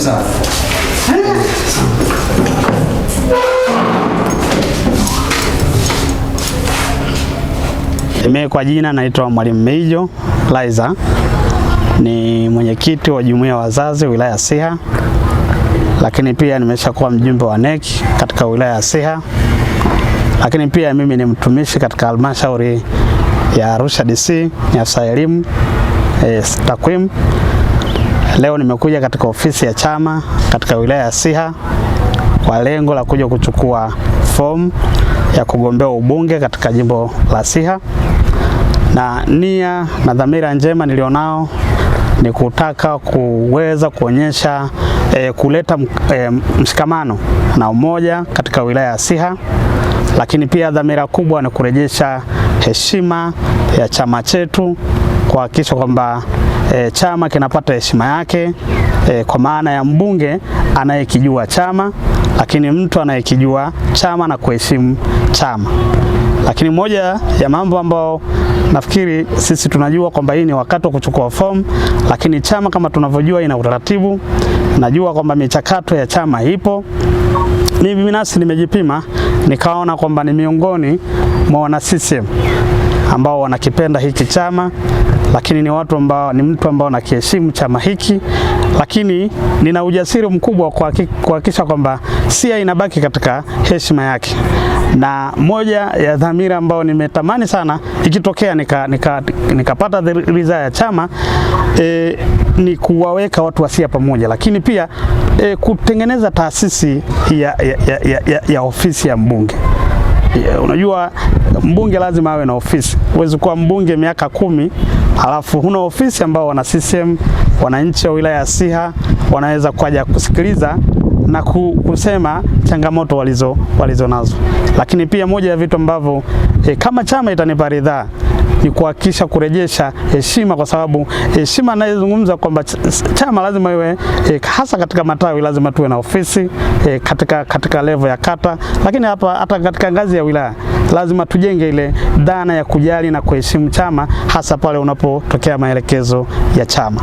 sana. Mimi kwa jina naitwa Mwalimu Meijo Laiza, ni mwenyekiti wa jumuiya ya wazazi wilaya ya Siha, lakini pia nimeshakuwa mjumbe wa NEC katika wilaya ya Siha, lakini pia mimi ni mtumishi katika halmashauri ya Arusha DC ni afisa elimu e, takwimu Leo nimekuja katika ofisi ya chama katika wilaya ya Siha kwa lengo la kuja kuchukua fomu ya kugombea ubunge katika jimbo la Siha, na nia na dhamira njema nilionao ni kutaka kuweza kuonyesha e, kuleta e, mshikamano na umoja katika wilaya ya Siha, lakini pia dhamira kubwa ni kurejesha heshima ya chama chetu kuhakikisha kwamba e, chama kinapata heshima yake e, kwa maana ya mbunge anayekijua chama, lakini mtu anayekijua chama na kuheshimu chama. Lakini moja ya mambo ambayo nafikiri sisi tunajua kwamba hii ni wakati wa kuchukua fomu, lakini chama kama tunavyojua ina utaratibu. Najua kwamba michakato ya chama ipo. Mimi binafsi nimejipima nikaona kwamba ni miongoni mwa wana CCM ambao wanakipenda hiki chama lakini ni watu ambao ni mtu ambao nakiheshimu chama hiki, lakini nina ujasiri mkubwa kuhakikisha kwamba Siha inabaki katika heshima yake, na moja ya dhamira ambayo nimetamani sana ikitokea nikapata nika, nika ridhaa ya chama e, ni kuwaweka watu wa Siha pamoja, lakini pia e, kutengeneza taasisi ya, ya, ya, ya, ya ofisi ya mbunge. Yeah, unajua mbunge lazima awe na ofisi. Huwezi kuwa mbunge miaka kumi halafu huna ofisi ambao wana CCM, wananchi wa wilaya ya Siha wanaweza kuja kusikiliza na kusema changamoto walizo, walizo nazo. Lakini pia moja ya vitu ambavyo e, kama chama itanipa ridhaa ni kuhakikisha kurejesha heshima, kwa sababu heshima anayezungumza kwamba chama lazima iwe e, hasa katika matawi lazima tuwe na ofisi e, katika, katika levo ya kata, lakini hapa hata katika ngazi ya wilaya lazima tujenge ile dhana ya kujali na kuheshimu chama, hasa pale unapotokea maelekezo ya chama.